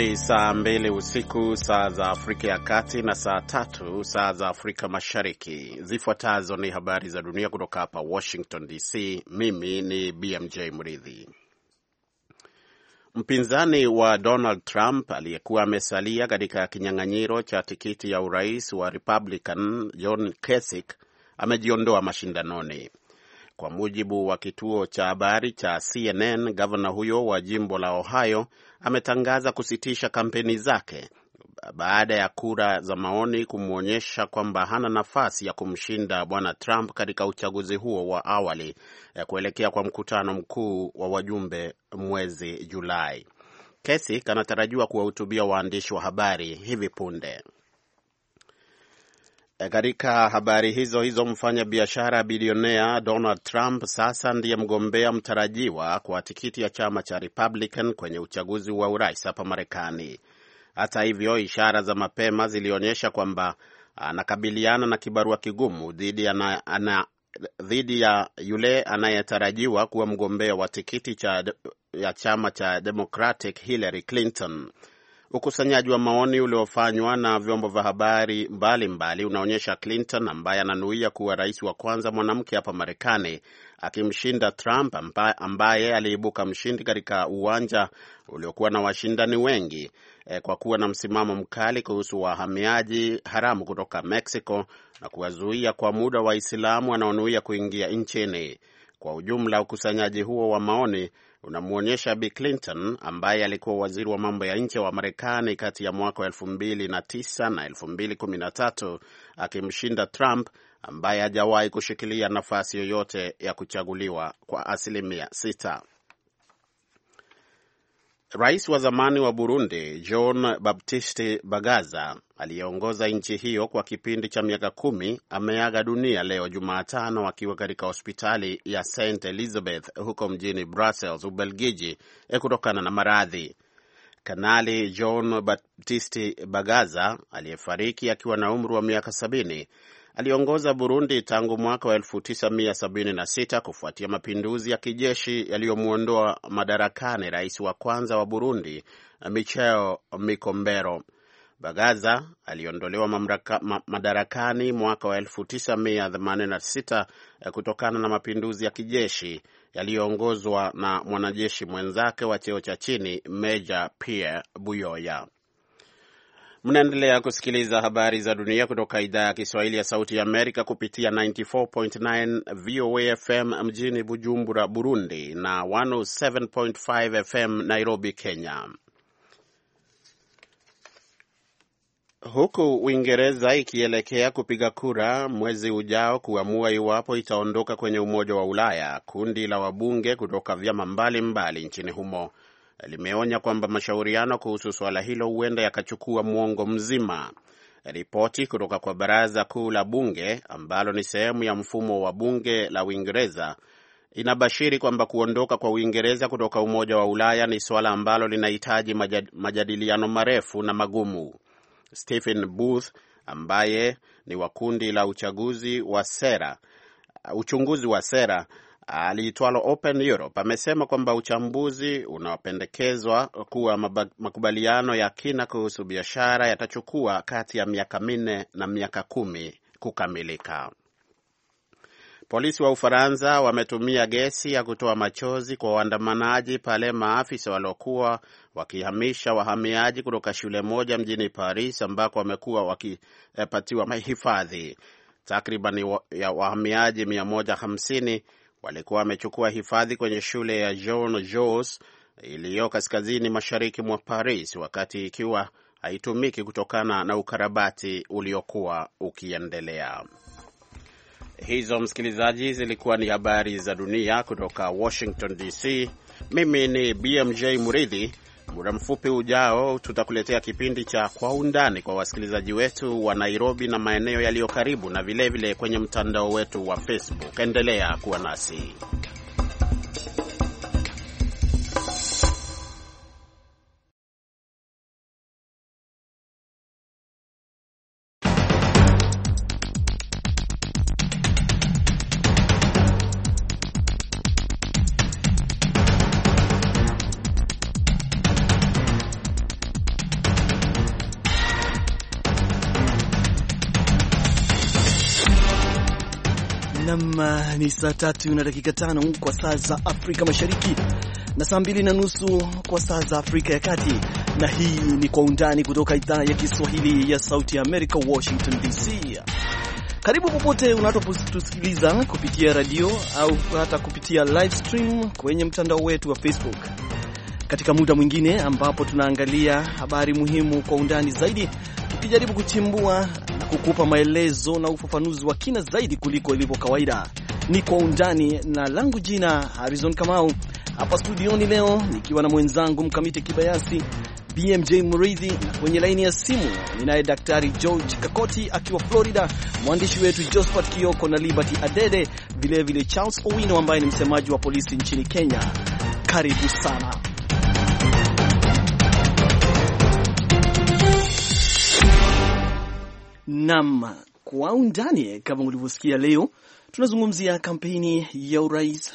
ni saa mbili usiku saa za Afrika ya Kati na saa tatu saa za Afrika Mashariki. Zifuatazo ni habari za dunia kutoka hapa Washington DC. Mimi ni BMJ Mridhi. Mpinzani wa Donald Trump aliyekuwa amesalia katika kinyang'anyiro cha tikiti ya urais wa Republican John Kasich amejiondoa mashindanoni kwa mujibu wa kituo cha habari cha CNN. Gavana huyo wa jimbo la Ohio ametangaza kusitisha kampeni zake baada ya kura za maoni kumwonyesha kwamba hana nafasi ya kumshinda bwana Trump katika uchaguzi huo wa awali eh, kuelekea kwa mkutano mkuu wa wajumbe mwezi Julai. kesi anatarajiwa kuwahutubia waandishi wa habari hivi punde. Eh, katika habari hizo hizo, mfanya biashara bilionea Donald Trump sasa ndiye mgombea mtarajiwa kwa tikiti ya chama cha Republican kwenye uchaguzi wa urais hapa Marekani. Hata hivyo, ishara za mapema zilionyesha kwamba anakabiliana na kibarua kigumu dhidi na, ana, dhidi ya yule anayetarajiwa kuwa mgombea wa tikiti cha, ya chama cha Democratic Hillary Clinton. Ukusanyaji wa maoni uliofanywa na vyombo vya habari mbalimbali unaonyesha Clinton ambaye ananuia kuwa rais wa kwanza mwanamke hapa Marekani akimshinda Trump ambaye aliibuka mshindi katika uwanja uliokuwa na washindani wengi e, kwa kuwa na msimamo mkali kuhusu wahamiaji haramu kutoka Mexico na kuwazuia kwa muda Waislamu wanaonuia kuingia nchini. Kwa ujumla, ukusanyaji huo wa maoni unamwonyesha Bi Clinton ambaye alikuwa waziri wa mambo ya nje wa Marekani kati ya mwaka wa 2009 na 2013 akimshinda Trump ambaye hajawahi kushikilia nafasi yoyote ya kuchaguliwa kwa asilimia sita. Rais wa zamani wa Burundi John Baptiste Bagaza aliyeongoza nchi hiyo kwa kipindi cha miaka kumi ameaga dunia leo Jumatano akiwa katika hospitali ya St Elizabeth huko mjini Brussels, Ubelgiji, eh, kutokana na maradhi. Kanali John Baptiste Bagaza aliyefariki akiwa na umri wa miaka sabini aliongoza Burundi tangu mwaka wa 1976 kufuatia mapinduzi ya kijeshi yaliyomwondoa madarakani rais wa kwanza wa Burundi Michel Mikombero. Bagaza aliondolewa mamraka, ma, madarakani mwaka wa 1986 eh, kutokana na mapinduzi ya kijeshi yaliyoongozwa na mwanajeshi mwenzake wa cheo cha chini Meja Pierre Buyoya. Mnaendelea kusikiliza habari za dunia kutoka idhaa ya Kiswahili ya Sauti ya Amerika kupitia 94.9 VOA FM mjini Bujumbura, Burundi na 107.5 FM Nairobi, Kenya. Huku Uingereza ikielekea kupiga kura mwezi ujao kuamua iwapo itaondoka kwenye Umoja wa Ulaya, kundi la wabunge kutoka vyama mbalimbali nchini humo limeonya kwamba mashauriano kuhusu suala hilo huenda yakachukua mwongo mzima. Ripoti kutoka kwa baraza kuu la bunge ambalo ni sehemu ya mfumo wa bunge la Uingereza inabashiri kwamba kuondoka kwa Uingereza kutoka Umoja wa Ulaya ni suala ambalo linahitaji majadiliano marefu na magumu. Stephen Booth ambaye ni wa kundi la uchaguzi wa sera uchunguzi wa sera aliitwalo Open Europe amesema kwamba uchambuzi unaopendekezwa kuwa makubaliano ya kina kuhusu biashara yatachukua kati ya miaka minne na miaka kumi kukamilika. Polisi wa Ufaransa wametumia gesi ya kutoa machozi kwa waandamanaji pale maafisa waliokuwa wakihamisha wahamiaji kutoka shule moja mjini Paris ambako wamekuwa wakipatiwa hifadhi. Takriban ya wahamiaji walikuwa wamechukua hifadhi kwenye shule ya Jean Jos iliyo kaskazini mashariki mwa Paris wakati ikiwa haitumiki kutokana na ukarabati uliokuwa ukiendelea. Hizo msikilizaji, zilikuwa ni habari za dunia kutoka Washington DC. Mimi ni BMJ Muridhi Muda mfupi ujao tutakuletea kipindi cha Kwa Undani kwa wasikilizaji wetu wa Nairobi na maeneo yaliyo karibu, na vilevile vile kwenye mtandao wetu wa Facebook. Endelea kuwa nasi. ni saa tatu na dakika tano kwa saa za Afrika Mashariki na saa mbili na nusu kwa saa za Afrika ya Kati, na hii ni Kwa Undani kutoka idhaa ya Kiswahili ya Sauti ya Amerika, Washington DC. Karibu popote unapotusikiliza kupitia radio au hata kupitia live stream kwenye mtandao wetu wa Facebook, katika muda mwingine ambapo tunaangalia habari muhimu kwa undani zaidi, tukijaribu kuchimbua na kukupa maelezo na ufafanuzi wa kina zaidi kuliko ilivyo kawaida ni Kwa Undani, na langu jina Harrison Kamau, hapa studioni leo nikiwa na mwenzangu Mkamiti Kibayasi, BMJ Muridhi, na kwenye laini ya simu ninaye Daktari George Kakoti akiwa Florida, mwandishi wetu Josphat Kioko na Liberty Adede, vilevile Charles Owino ambaye ni msemaji wa polisi nchini Kenya. Karibu sana. Nam, kwa undani, kama ulivyosikia leo Tunazungumzia kampeni ya urais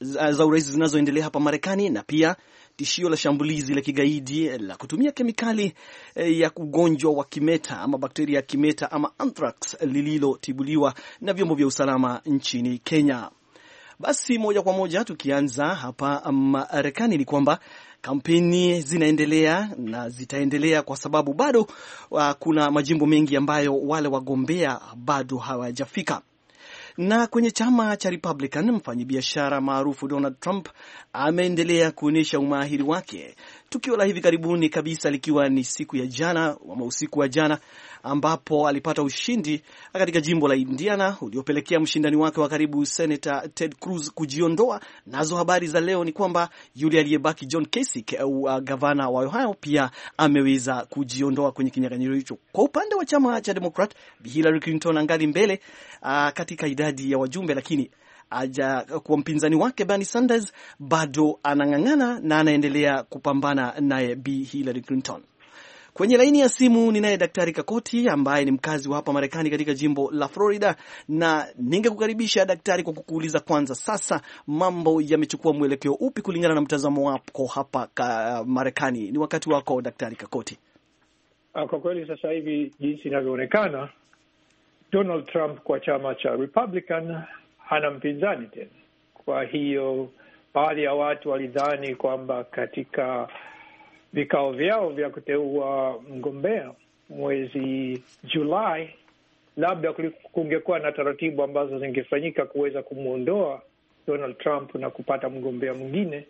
za urais zinazoendelea hapa Marekani na pia tishio la shambulizi la kigaidi la kutumia kemikali eh, ya ugonjwa wa kimeta ama bakteria ya kimeta ama anthrax lililotibuliwa na vyombo vya usalama nchini Kenya. Basi moja kwa moja tukianza hapa Marekani ni kwamba kampeni zinaendelea na zitaendelea kwa sababu bado ah, kuna majimbo mengi ambayo wale wagombea bado hawajafika. Na kwenye chama cha Republican, mfanyabiashara maarufu Donald Trump ameendelea kuonyesha umahiri wake, tukio la hivi karibuni kabisa likiwa ni siku ya jana ama usiku wa jana, ambapo alipata ushindi katika jimbo la Indiana uliopelekea mshindani wake wa karibu Senator Ted Cruz kujiondoa. Nazo habari za leo ni kwamba yule aliyebaki John Kasich au uh, gavana wa Ohio pia ameweza kujiondoa kwenye kinyang'anyiro hicho. Kwa upande wa chama cha Democrat, Hillary Clinton angali mbele uh, katika idadi idadi ya wajumbe, lakini aja kwa mpinzani wake Bernie Sanders bado anang'ang'ana na anaendelea kupambana naye Bi Hillary Clinton. Kwenye laini ya simu ninaye Daktari Kakoti ambaye ni mkazi wa hapa Marekani katika jimbo la Florida, na ningekukaribisha daktari kwa kukuuliza kwanza, sasa mambo yamechukua mwelekeo upi kulingana na mtazamo wako hapa Marekani? Ni wakati wako Daktari Kakoti. Ah, kwa kweli sasa hivi jinsi inavyoonekana Donald Trump kwa chama cha Republican hana mpinzani tena. Kwa hiyo baadhi ya watu walidhani kwamba katika vikao vyao vya kuteua mgombea mwezi Julai labda kungekuwa na taratibu ambazo zingefanyika kuweza kumwondoa Donald Trump na kupata mgombea mwingine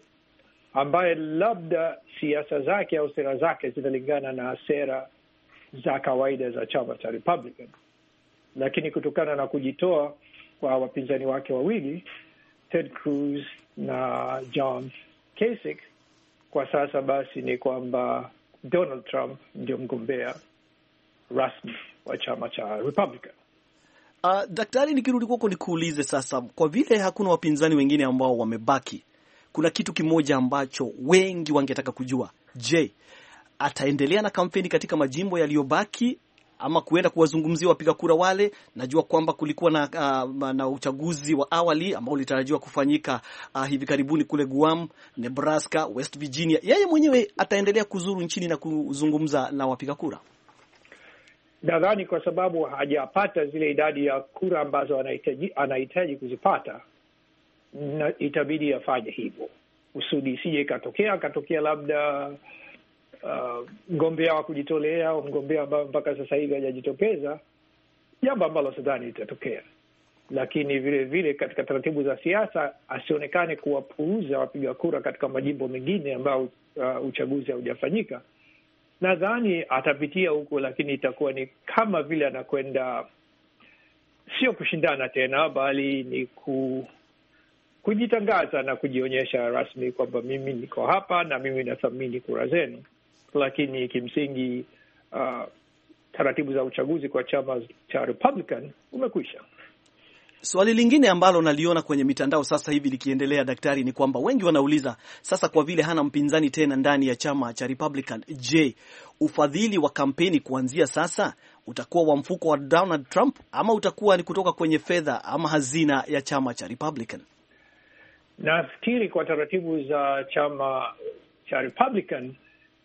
ambaye labda siasa zake au sera zake zinalingana na sera za kawaida za chama cha Republican lakini kutokana na kujitoa kwa wapinzani wake wawili Ted Cruz na John Kasich, kwa sasa basi ni kwamba Donald Trump ndio mgombea rasmi wa chama cha Republican. Uh, daktari, nikirudi kwako nikuulize sasa, kwa vile hakuna wapinzani wengine ambao wamebaki, kuna kitu kimoja ambacho wengi wangetaka kujua. Je, ataendelea na kampeni katika majimbo yaliyobaki ama kuenda kuwazungumzia wapiga kura wale. Najua kwamba kulikuwa na, uh, na uchaguzi wa awali ambao ulitarajiwa kufanyika uh, hivi karibuni kule Guam, Nebraska, West Virginia. Yeye mwenyewe ataendelea kuzuru nchini na kuzungumza na wapiga kura nadhani kwa sababu hajapata zile idadi ya kura ambazo anahitaji anahitaji kuzipata, na itabidi afanye hivyo kusudi isije ikatokea akatokea labda Uh, mgombea uh, wa kujitolea au mgombea ambayo mpaka sasa hivi hajajitokeza, jambo ambalo sidhani litatokea. Lakini vile vile katika taratibu za siasa asionekane kuwapuuza wapiga kura katika majimbo mengine ambayo uh, uchaguzi haujafanyika. Nadhani atapitia huko, lakini itakuwa ni kama vile anakwenda sio kushindana tena, bali ni ku kujitangaza na kujionyesha rasmi kwamba mimi niko hapa na mimi nathamini kura zenu lakini kimsingi uh, taratibu za uchaguzi kwa chama cha Republican umekwisha. Swali lingine ambalo naliona kwenye mitandao sasa hivi likiendelea, daktari, ni kwamba wengi wanauliza sasa, kwa vile hana mpinzani tena ndani ya chama cha Republican, je, ufadhili wa kampeni kuanzia sasa utakuwa wa mfuko wa Donald Trump ama utakuwa ni kutoka kwenye fedha ama hazina ya chama cha Republican? Nafikiri kwa taratibu za chama cha Republican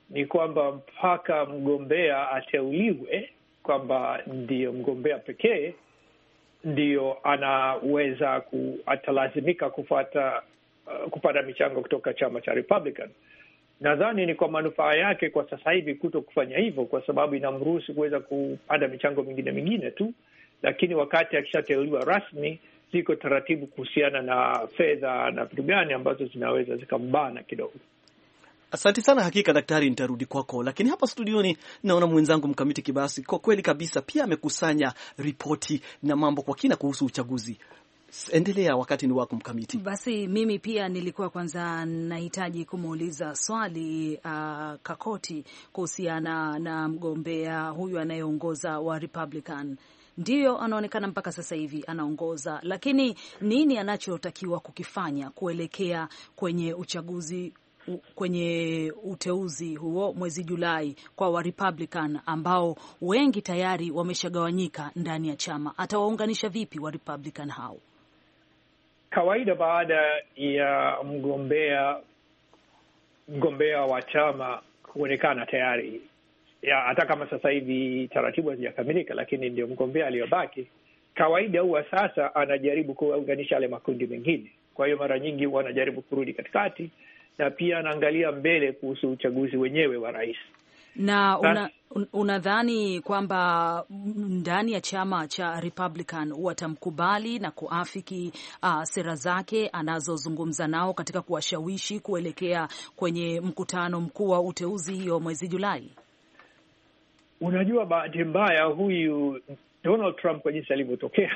ni kwamba mpaka mgombea ateuliwe kwamba ndiyo mgombea pekee ndiyo anaweza ku, atalazimika kufata uh, kupata michango kutoka chama cha Republican. Nadhani ni kwa manufaa yake kwa sasa hivi kuto kufanya hivyo, kwa sababu inamruhusu kuweza kupanda michango mingine mingine tu, lakini wakati akishateuliwa rasmi, ziko taratibu kuhusiana na fedha na vitu gani ambazo zinaweza zikambana kidogo. Asante sana hakika daktari, nitarudi kwako, lakini hapa studioni naona mwenzangu Mkamiti Kibasi kwa kweli kabisa pia amekusanya ripoti na mambo kwa kina kuhusu uchaguzi. Endelea, wakati ni wako Mkamiti. Basi mimi pia nilikuwa kwanza nahitaji kumuuliza swali uh, Kakoti kuhusiana na mgombea huyu anayeongoza wa Republican. Ndiyo, anaonekana mpaka sasa hivi anaongoza, lakini nini anachotakiwa kukifanya kuelekea kwenye uchaguzi kwenye uteuzi huo mwezi Julai kwa wa Republican ambao wengi tayari wameshagawanyika ndani ya chama, atawaunganisha vipi wa Republican hao? Kawaida baada ya mgombea mgombea wa chama kuonekana tayari ya, hata kama sasa hivi taratibu hazijakamilika, lakini ndio mgombea aliyobaki, kawaida huwa sasa anajaribu kuwaunganisha yale makundi mengine. Kwa hiyo mara nyingi huwa anajaribu kurudi katikati na pia anaangalia mbele kuhusu uchaguzi wenyewe wa rais na una, unadhani kwamba ndani ya chama cha Republican watamkubali na kuafiki uh, sera zake anazozungumza nao katika kuwashawishi kuelekea kwenye mkutano mkuu wa uteuzi hiyo mwezi Julai? Unajua, bahati mbaya huyu Donald Trump kwa jinsi alivyotokea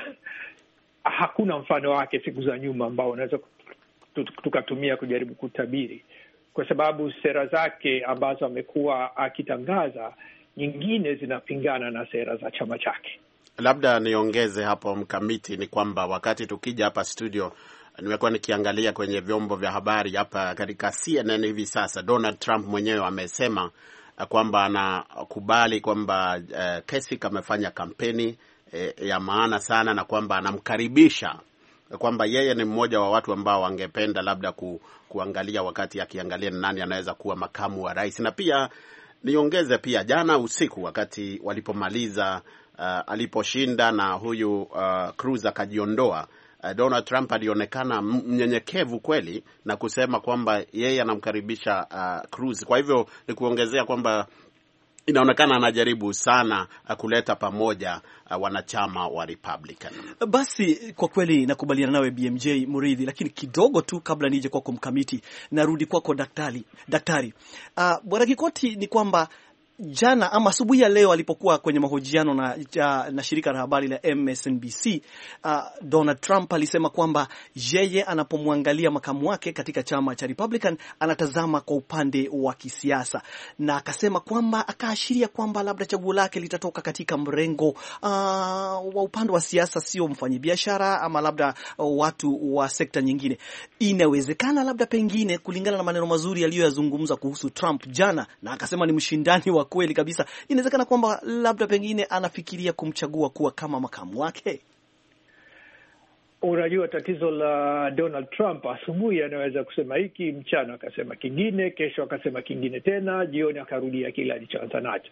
hakuna mfano wake siku za nyuma ambao unaweza tukatumia kujaribu kutabiri, kwa sababu sera zake ambazo amekuwa akitangaza nyingine zinapingana na sera za chama chake. Labda niongeze hapo mkamiti, ni kwamba wakati tukija hapa studio nimekuwa nikiangalia kwenye vyombo vya habari hapa katika CNN hivi sasa, Donald Trump mwenyewe amesema kwamba anakubali kwamba uh, eh, Kasich amefanya kampeni eh, ya maana sana na kwamba anamkaribisha kwamba yeye ni mmoja wa watu ambao wangependa labda ku, kuangalia wakati akiangalia ni nani anaweza kuwa makamu wa rais. Na pia niongeze pia, jana usiku wakati walipomaliza uh, aliposhinda na huyu uh, Cruz akajiondoa uh, Donald Trump alionekana mnyenyekevu kweli na kusema kwamba yeye anamkaribisha uh, Cruz. Kwa hivyo ni kuongezea kwamba inaonekana anajaribu sana uh, kuleta pamoja uh, wanachama wa Republican. Basi kwa kweli nakubaliana nawe BMJ Muridhi, lakini kidogo tu kabla nije kwako Mkamiti, narudi kwako daktari. Daktari uh, Bwana Kikoti, ni kwamba jana ama asubuhi ya leo alipokuwa kwenye mahojiano na, na shirika la habari la MSNBC uh, Donald Trump alisema kwamba yeye anapomwangalia makamu wake katika chama cha Republican anatazama kwa upande wa kisiasa, na akasema kwamba akaashiria kwamba labda chaguo lake litatoka katika mrengo uh, wa upande wa siasa, sio mfanyabiashara ama labda uh, watu wa sekta nyingine. Inawezekana labda pengine, kulingana na maneno mazuri aliyoyazungumza kuhusu Trump jana, na akasema ni mshindani wa kweli kabisa, inawezekana kwamba labda pengine anafikiria kumchagua kuwa kama makamu wake. Unajua, tatizo la Donald Trump, asubuhi anaweza kusema hiki, mchana akasema kingine, kesho akasema kingine tena, jioni akarudia kile alichoanza nacho.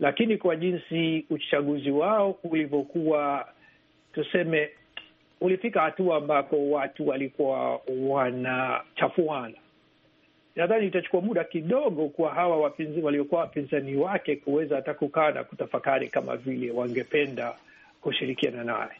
Lakini kwa jinsi uchaguzi wao ulivyokuwa, tuseme, ulifika hatua ambako watu walikuwa wanachafuana nadhani itachukua muda kidogo kwa hawa wapinzi, waliokuwa wapinzani wake kuweza hata kukaa na kutafakari kama vile wangependa kushirikiana naye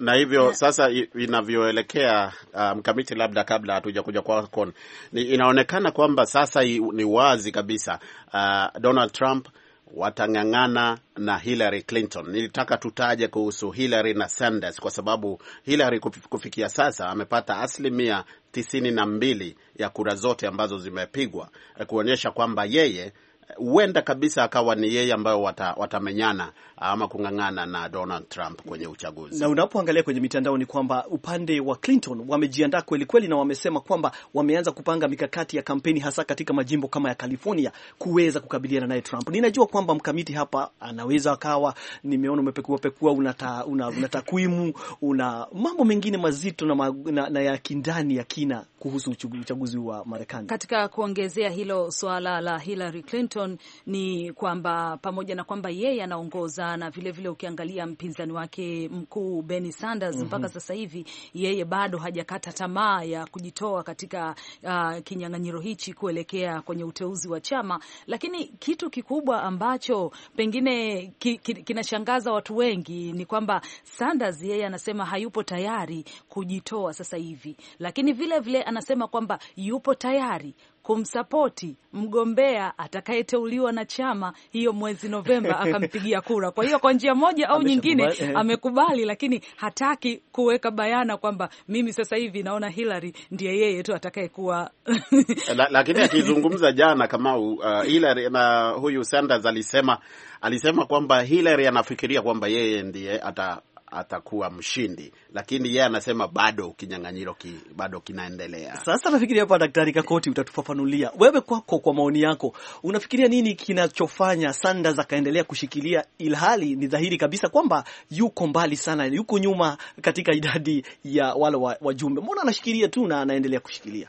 na hivyo yeah. Sasa inavyoelekea uh, mkamiti, um, labda kabla hatuja kuja kwako, inaonekana kwamba sasa ni wazi kabisa uh, Donald Trump watang'ang'ana na Hillary Clinton. Nilitaka tutaje kuhusu Hillary na Sanders kwa sababu Hillary kufikia sasa amepata asilimia tisini na mbili ya kura zote ambazo zimepigwa eh, kuonyesha kwamba yeye eh, huenda kabisa akawa ni yeye ambayo watamenyana ama kung'ang'ana na Donald Trump kwenye uchaguzi. Na unapoangalia kwenye mitandao ni kwamba upande wa Clinton wamejiandaa kweli kweli, na wamesema kwamba wameanza kupanga mikakati ya kampeni hasa katika majimbo kama ya California kuweza kukabiliana naye Trump. Ninajua kwamba mkamiti hapa anaweza akawa, nimeona umepekua pekua, una takwimu, una mambo mengine mazito na, ma, na, na ya kindani ya kina kuhusu uchaguzi wa Marekani. Katika kuongezea hilo suala la Hillary Clinton ni kwamba pamoja na kwamba yeye anaongoza na vile vile ukiangalia mpinzani wake mkuu Bernie Sanders mm -hmm. mpaka sasa hivi yeye bado hajakata tamaa ya kujitoa katika uh, kinyang'anyiro hichi kuelekea kwenye uteuzi wa chama, lakini kitu kikubwa ambacho pengine ki, ki, kinashangaza watu wengi ni kwamba Sanders yeye anasema hayupo tayari kujitoa sasa hivi, lakini vile vile anasema kwamba yupo tayari kumsapoti mgombea atakayeteuliwa na chama hiyo mwezi Novemba akampigia kura. Kwa hiyo kwa njia moja au nyingine eh. amekubali, lakini hataki kuweka bayana kwamba mimi sasa hivi naona Hillary ndiye yeye tu atakayekuwa la, lakini akizungumza jana kama uh, Hillary na huyu Sanders alisema alisema kwamba Hillary anafikiria kwamba yeye ndiye ata atakuwa mshindi, lakini yeye anasema bado kinyang'anyiro ki, bado kinaendelea. Sasa nafikiria hapa, Daktari Kakoti, utatufafanulia wewe kwako, kwa, maoni yako unafikiria nini kinachofanya Sanders akaendelea kushikilia, ilhali ni dhahiri kabisa kwamba yuko mbali sana, yuko nyuma katika idadi ya wale wajumbe. Mbona anashikilia tu na anaendelea kushikilia?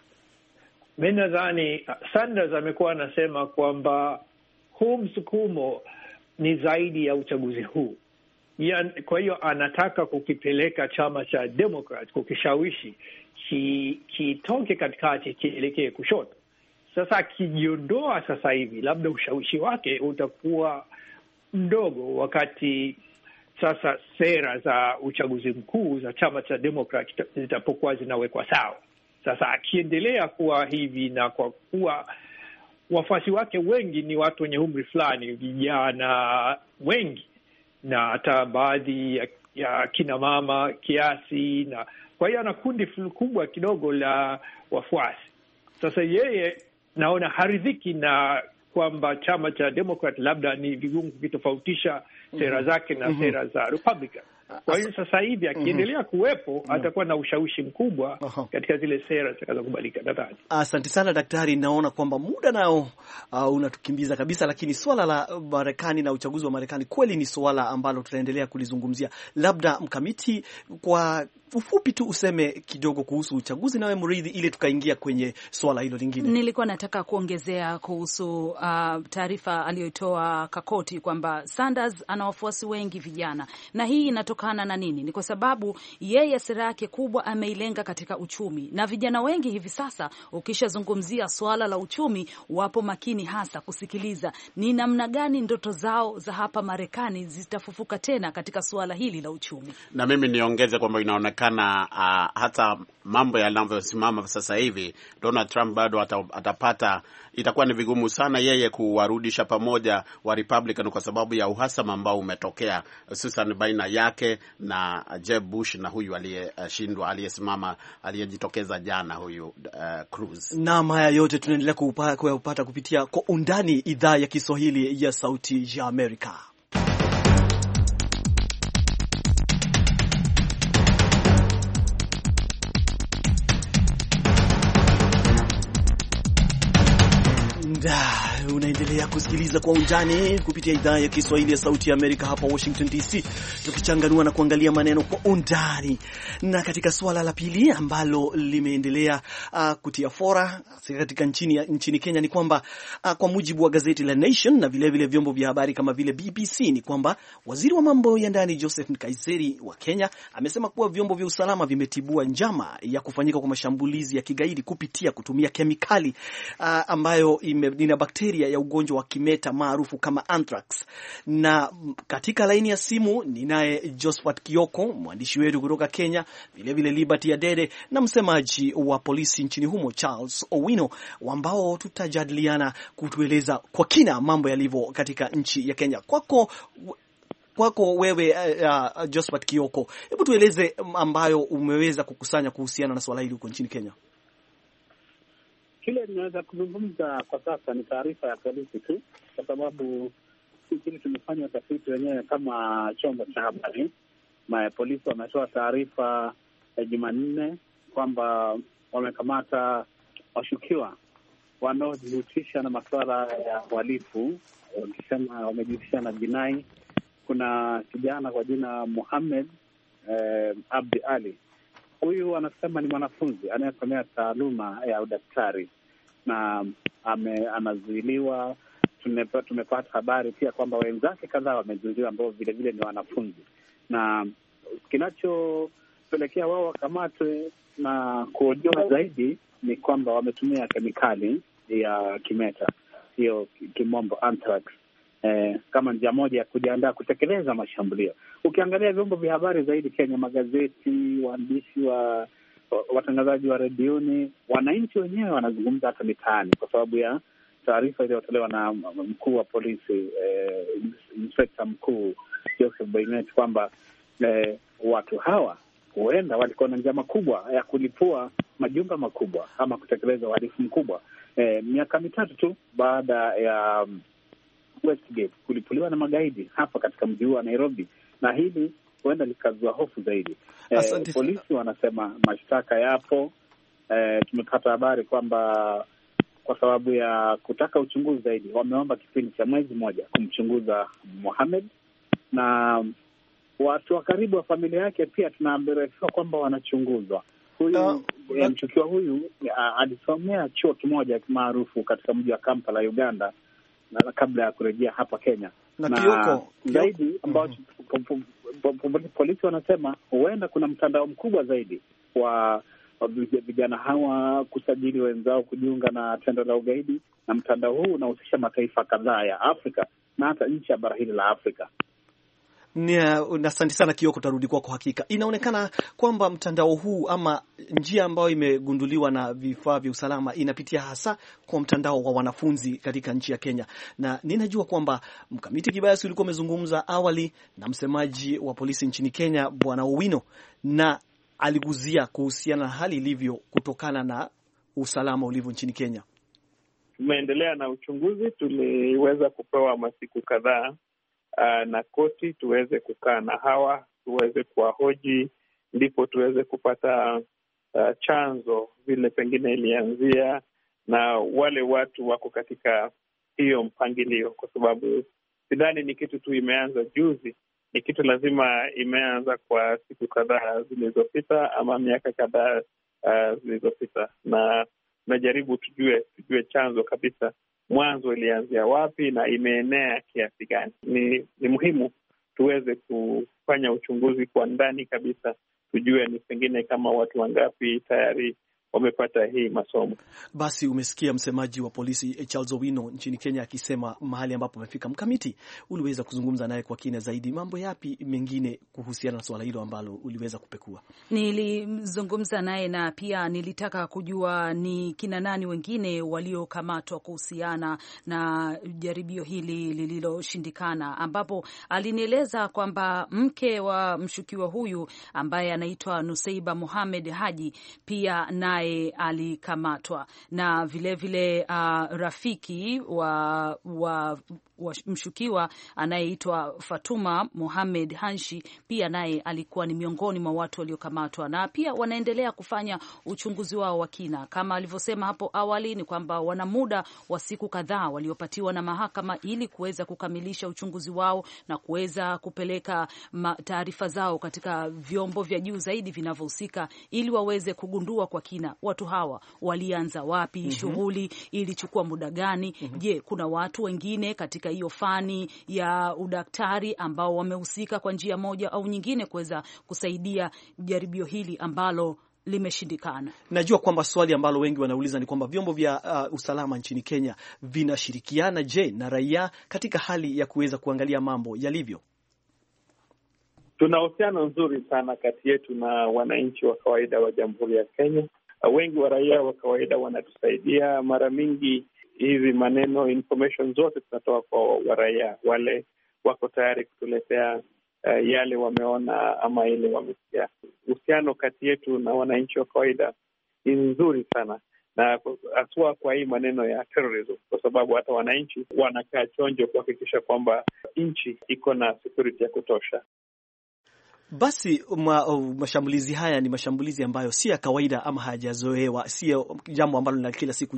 Mi nadhani uh, Sanders amekuwa anasema kwamba huu msukumo ni zaidi ya uchaguzi huu ya, kwa hiyo anataka kukipeleka chama cha Democrat kukishawishi kitoke ki katikati kielekee kushoto. Sasa akijiondoa sasa hivi, labda ushawishi wake utakuwa mdogo, wakati sasa sera za uchaguzi mkuu za chama cha Democrat zitapokuwa zinawekwa sawa. Sasa akiendelea kuwa hivi na kwa kuwa wafuasi wake wengi ni watu wenye umri fulani, vijana wengi na hata baadhi ya, ya kina mama kiasi, na kwa hiyo ana kundi kubwa kidogo la wafuasi. Sasa yeye naona haridhiki na kwamba chama cha Democrat labda ni vigumu kukitofautisha sera mhm. zake na mhm. sera za Republican. Kwa hiyo sasa hivi akiendelea mhm. kuwepo mhm. atakuwa na ushawishi mkubwa -huh. katika zile sera zitakazokubalika. Nadhani asante sana daktari, naona kwamba muda nao uh, unatukimbiza kabisa, lakini swala la Marekani na uchaguzi wa Marekani kweli ni swala ambalo tutaendelea kulizungumzia, labda mkamiti kwa ufupi tu useme kidogo kuhusu uchaguzi, nawe Mridhi, ili tukaingia kwenye swala hilo lingine. Nilikuwa nataka kuongezea kuhusu uh, taarifa aliyoitoa Kakoti kwamba Sanders ana wafuasi wengi vijana, na hii inatokana na nini? Ni kwa sababu yeye sera yake kubwa ameilenga katika uchumi, na vijana wengi hivi sasa, ukishazungumzia swala la uchumi, wapo makini hasa kusikiliza ni namna gani ndoto zao za hapa Marekani zitafufuka tena katika suala hili la uchumi. Na mimi niongeze kwamba inaona inaonekana uh, hata mambo yanavyosimama sasa hivi, Donald Trump bado atapata, itakuwa ni vigumu sana yeye kuwarudisha pamoja wa Republican kwa sababu ya uhasama ambao umetokea hususan baina yake na Jeb Bush na huyu aliyeshindwa, ah, uh, aliyesimama, aliyejitokeza jana huyu uh, Cruz. Naam, haya yote tunaendelea kuyapata kupitia kwa undani idhaa ya Kiswahili ya Sauti ya Amerika. unaendelea kusikiliza Kwa Undani kupitia idhaa ya Kiswahili ya Sauti ya Amerika hapa Washington DC, tukichanganua na kuangalia maneno kwa undani. Na katika suala la pili ambalo limeendelea uh, kutia fora katika nchini, nchini Kenya ni kwamba uh, kwa mujibu wa gazeti la Nation na vilevile vile vyombo vya habari kama vile BBC ni kwamba waziri wa mambo ya ndani Joseph Nkaiseri wa Kenya amesema kuwa vyombo vya usalama vimetibua njama ya kufanyika kwa mashambulizi ya kigaidi kupitia kutumia kemikali uh, ambayo ina bakteria ya ugonjwa wa kimeta maarufu kama anthrax. Na katika laini ya simu ninaye Josephat Kioko, mwandishi wetu kutoka Kenya, vilevile Liberty Adede na msemaji wa polisi nchini humo Charles Owino, ambao tutajadiliana kutueleza kwa kina mambo yalivyo katika nchi ya Kenya. Kwako kwako wewe uh, uh, Josephat Kioko, hebu tueleze ambayo umeweza kukusanya kuhusiana na swala hili huko nchini Kenya kile inaweza kuzungumza kwa sasa ni taarifa ya polisi tu, kwa sababu sisi tumefanya utafiti wenyewe kama chombo cha habari. Polisi wametoa taarifa ya eh, Jumanne kwamba wamekamata washukiwa wanaojihusisha na masuala ya uhalifu, wakisema wamejihusisha na jinai. Kuna kijana kwa jina Muhamed eh, Abdi Ali huyu anasema ni mwanafunzi anayesomea taaluma ya udaktari na ame, anazuiliwa. Tumepata habari pia kwamba wenzake kadhaa wamezuiliwa ambao vilevile ni wanafunzi, na kinachopelekea wao wakamatwe na kuojoa zaidi ni kwamba wametumia kemikali ya kimeta, hiyo kimombo anthrax eh, kama njia moja ya kujiandaa kutekeleza mashambulio. Ukiangalia vyombo vya habari zaidi Kenya, magazeti, waandishi wa watangazaji wa redioni, wananchi wenyewe wanazungumza hata mitaani, kwa sababu ya taarifa iliyotolewa na mkuu wa polisi eh, inspekta mkuu Joseph Boinnet kwamba eh, watu hawa huenda walikuwa na njama kubwa ya kulipua majumba makubwa ama kutekeleza uhalifu mkubwa. Eh, miaka mitatu tu baada ya Westgate kulipuliwa na magaidi hapa katika mji huu wa Nairobi, na hili huenda likazua hofu zaidi. Eh, polisi wanasema mashtaka yapo. Eh, tumepata habari kwamba kwa sababu ya kutaka uchunguzi zaidi, wameomba kipindi cha mwezi mmoja kumchunguza Mohamed na watu wa karibu wa familia yake pia tunaambiwa kwamba wanachunguzwa. Huyu mchukio huyu alisomea chuo kimoja maarufu katika mji wa Kampala, Uganda, na kabla ya kurejea hapa Kenya na, na zaidi ambao mm -hmm. polisi wanasema huenda kuna mtandao mkubwa zaidi wa vijana hawa kusajili wenzao kujiunga na tendo la ugaidi, na mtandao huu unahusisha mataifa kadhaa ya Afrika na hata nchi ya bara hili la Afrika. Uh, asante sana Kioko, tarudi kwako. Hakika inaonekana kwamba mtandao huu ama njia ambayo imegunduliwa na vifaa vya usalama inapitia hasa kwa mtandao wa wanafunzi katika nchi ya Kenya, na ninajua kwamba mkamiti Kibayasi ulikuwa umezungumza awali na msemaji wa polisi nchini Kenya Bwana Owino, na aliguzia kuhusiana na hali ilivyo kutokana na usalama ulivyo nchini Kenya. Tumeendelea na uchunguzi, tuliweza kupewa masiku kadhaa uh, na koti tuweze kukaa na hawa tuweze kuwahoji, ndipo tuweze kupata uh, chanzo vile pengine ilianzia, na wale watu wako katika hiyo mpangilio, kwa sababu sidhani ni kitu tu imeanza juzi, ni kitu lazima imeanza kwa siku kadhaa zilizopita ama miaka kadhaa uh, zilizopita, na najaribu tujue tujue chanzo kabisa mwanzo ilianzia wapi na imeenea kiasi gani. Ni, ni muhimu tuweze kufanya uchunguzi kwa ndani kabisa, tujue ni pengine kama watu wangapi tayari wamepata hii masomo. Basi umesikia msemaji wa polisi eh, Charles Owino nchini Kenya akisema mahali ambapo amefika. Mkamiti, uliweza kuzungumza naye kwa kina zaidi, mambo yapi mengine kuhusiana na suala hilo ambalo uliweza kupekua? Nilizungumza naye na pia nilitaka kujua ni kina nani wengine waliokamatwa kuhusiana na jaribio hili lililoshindikana, ambapo alinieleza kwamba mke wa mshukiwa huyu ambaye anaitwa Nuseiba muhamed Haji pia na ambaye alikamatwa na vilevile vile, uh, rafiki wa, wa wa mshukiwa anayeitwa Fatuma muhamed Hanshi pia naye alikuwa ni miongoni mwa watu waliokamatwa, na pia wanaendelea kufanya uchunguzi wao wa kina. Kama alivyosema hapo awali, ni kwamba wana muda wa siku kadhaa waliopatiwa na mahakama ili kuweza kukamilisha uchunguzi wao na kuweza kupeleka taarifa zao katika vyombo vya juu zaidi vinavyohusika ili waweze kugundua kwa kina tena watu hawa walianza wapi? mm -hmm. Shughuli ilichukua muda gani? mm -hmm. Je, kuna watu wengine katika hiyo fani ya udaktari ambao wamehusika kwa njia moja au nyingine kuweza kusaidia jaribio hili ambalo limeshindikana. Najua kwamba swali ambalo wengi wanauliza ni kwamba vyombo vya uh, usalama nchini Kenya vinashirikiana je, na raia katika hali ya kuweza kuangalia mambo yalivyo? Tuna uhusiano nzuri sana kati yetu na wananchi wa kawaida wa Jamhuri ya Kenya wengi wa raia wa kawaida wanatusaidia. Mara mingi hizi maneno information zote tunatoa kwa waraia wale wako tayari kutuletea uh, yale wameona ama ile wamesikia. Uhusiano kati yetu na wananchi wa kawaida ni nzuri sana, na haswa kwa hii maneno ya terrorism, kwa sababu hata wananchi wanakaa chonjo kuhakikisha kwamba nchi iko na security ya kutosha. Basi ma, uh, mashambulizi haya ni mashambulizi ambayo si ya kawaida ama hayajazoewa, sio jambo ambalo lina kila siku.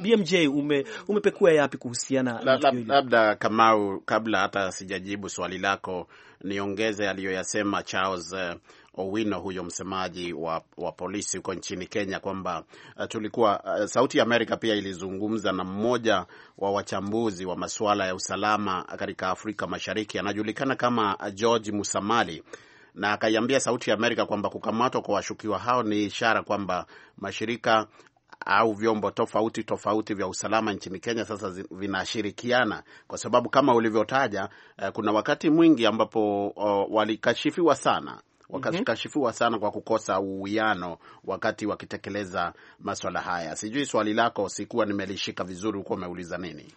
BMJ, ume, umepekua yapi kuhusiana la, la, labda Kamau, kabla hata sijajibu swali lako niongeze aliyoyasema Charles uh, Owino huyo msemaji wa, wa polisi huko nchini Kenya kwamba uh, tulikuwa uh, Sauti ya Amerika pia ilizungumza na mmoja wa wachambuzi wa masuala ya usalama katika Afrika Mashariki, anajulikana kama George Musamali na akaiambia Sauti ya Amerika kwamba kukamatwa kwa washukiwa hao ni ishara kwamba mashirika au vyombo tofauti tofauti vya usalama nchini Kenya sasa vinashirikiana, kwa sababu kama ulivyotaja, eh, kuna wakati mwingi ambapo walikashifiwa sana wakakashifiwa mhm. sana kwa kukosa uwiano wakati wakitekeleza maswala haya. Sijui swali lako sikuwa nimelishika vizuri, huko umeuliza nini?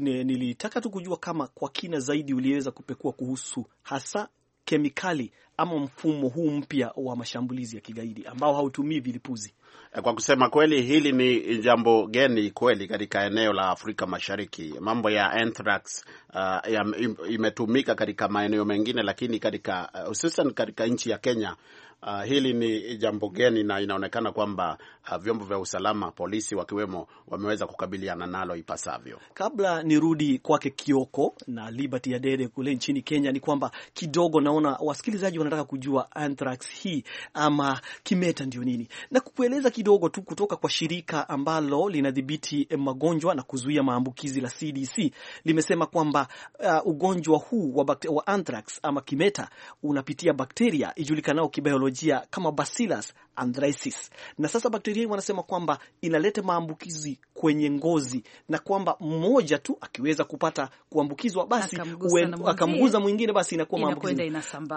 Nilitaka tu kujua kama kwa kina zaidi uliweza kupekua kuhusu hasa kemikali ama mfumo huu mpya wa mashambulizi ya kigaidi ambao hautumii vilipuzi. Eh, kwa kusema kweli, hili ni jambo geni kweli katika eneo la Afrika Mashariki. Mambo ya anthrax uh, imetumika katika maeneo mengine, lakini katika uh, hususan uh, katika nchi ya Kenya uh, hili ni jambo geni na inaonekana kwamba uh, vyombo vya usalama, polisi wakiwemo, wameweza kukabiliana nalo ipasavyo. Kabla nirudi kwake Kioko na Liberty Adede kule nchini Kenya, ni kwamba kidogo naona wasikilizaji wanataka kujua anthrax hii ama kimeta ndio nini, na kukueleza kidogo tu kutoka kwa shirika ambalo linadhibiti eh, magonjwa na kuzuia maambukizi la CDC limesema kwamba uh, ugonjwa huu wa, wa anthrax ama kimeta unapitia bakteria ijulikanao kibiolojia kibiolojia kama Bacillus anthracis. Na sasa bakteria hii wanasema kwamba inaleta maambukizi kwenye ngozi na kwamba mmoja tu akiweza kupata kuambukizwa, basi akamguza mwingine, basi inakuwa maambukizi.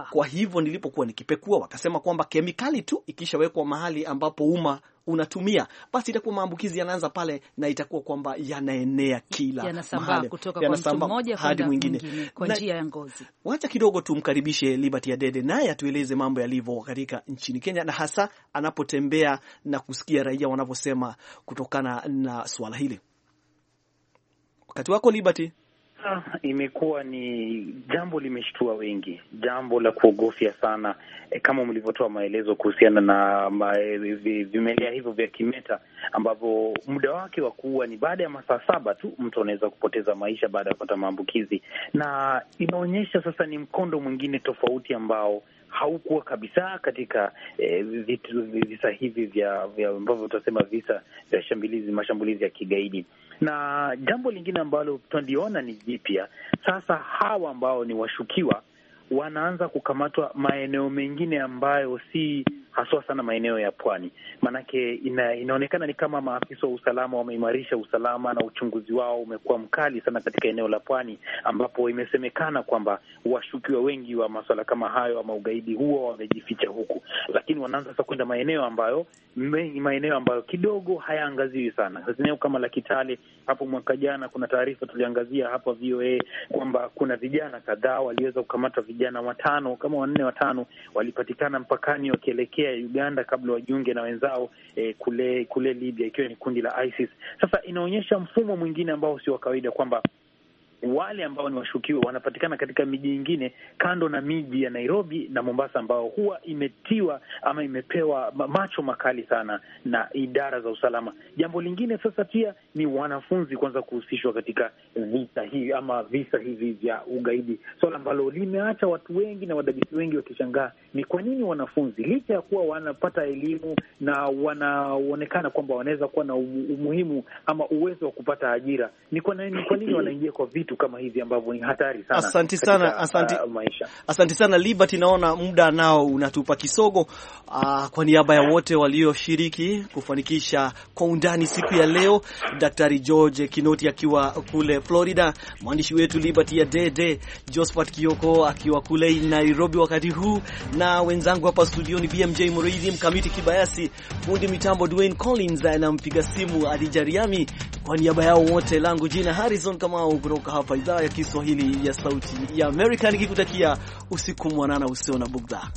Kwa hivyo nilipokuwa nikipekua, wakasema kwamba kemikali tu ikishawekwa mahali ambapo umma unatumia, basi itakuwa maambukizi yanaanza pale na itakuwa kwamba yanaenea kila mahali, kutoka kwa mtu mmoja kwa njia ya ngozi. Wacha kidogo tumkaribishe Liberty Adede, naye atueleze mambo yalivyo katika nchini Kenya, na hasa anapotembea na kusikia raia wanavyosema kutokana na suala hili. Wakati wako Liberty imekuwa ni jambo limeshtua wengi, jambo la kuogofya sana e, kama mlivyotoa maelezo kuhusiana na ma, e, vimelea hivyo vya kimeta ambavyo muda wake wa kuua ni baada ya masaa saba tu, mtu anaweza kupoteza maisha baada ya kupata maambukizi, na inaonyesha sasa ni mkondo mwingine tofauti ambao haukuwa kabisa katika eh, visa hivi vya ambavyo utasema visa vya shambulizi mashambulizi ya kigaidi. Na jambo lingine ambalo tunaliona ni jipya sasa, hawa ambao ni washukiwa wanaanza kukamatwa maeneo mengine ambayo si haswa sana maeneo ya pwani, maanake ina, inaonekana ni kama maafisa wa usalama wameimarisha usalama na uchunguzi wao umekuwa mkali sana katika eneo la pwani, ambapo imesemekana kwamba washukiwa wengi wa maswala kama hayo ama ugaidi huo wamejificha huku, lakini wanaanza sasa kwenda maeneo ambayo maeneo ambayo kidogo hayaangaziwi sana. Sasa eneo kama la Kitale hapo mwaka jana, kuna taarifa tuliangazia hapa VOA kwamba kuna vijana kadhaa waliweza kukamata vijana watano kama wanne watano, walipatikana mpakani wakielekea kutokea Uganda kabla wajiunge na wenzao eh, kule kule Libya, ikiwa ni kundi la ISIS. Sasa inaonyesha mfumo mwingine ambao sio wa kawaida kwamba wale ambao ni washukiwa wanapatikana katika miji ingine kando na miji ya Nairobi na Mombasa, ambao huwa imetiwa ama imepewa macho makali sana na idara za usalama. Jambo lingine sasa pia ni wanafunzi kwanza kuhusishwa katika vita hii ama visa hivi vya ugaidi, swala so, ambalo limeacha watu wengi na wadadisi wengi wakishangaa ni kwa nini wanafunzi licha ya kuwa wanapata elimu na wanaonekana kwamba wanaweza kuwa na umuhimu ama uwezo wa kupata ajira, ni kwa nini, kwa nini wanaingia kwa vita vitu kama hivi ambavyo ni hatari sana. Asante sana, asante, uh, maisha. Asante sana Liberty, naona muda nao unatupa kisogo. Uh, kwa niaba ya wote walioshiriki kufanikisha kwa undani siku ya leo, Daktari George Kinoti akiwa kule Florida, mwandishi wetu Liberty ya Dede, Josephat Kioko akiwa kule Nairobi wakati huu, na wenzangu hapa studioni BMJ Murithi, Mkamiti Kibayasi, fundi mitambo Dwayne Collins na mpiga simu Adijariami kwa niaba yao wote, langu jina Harrison Kamau kutoka hapa idhaa ya Kiswahili ya Sauti ya Amerika, nikikutakia usiku mwanana usio na bugdha.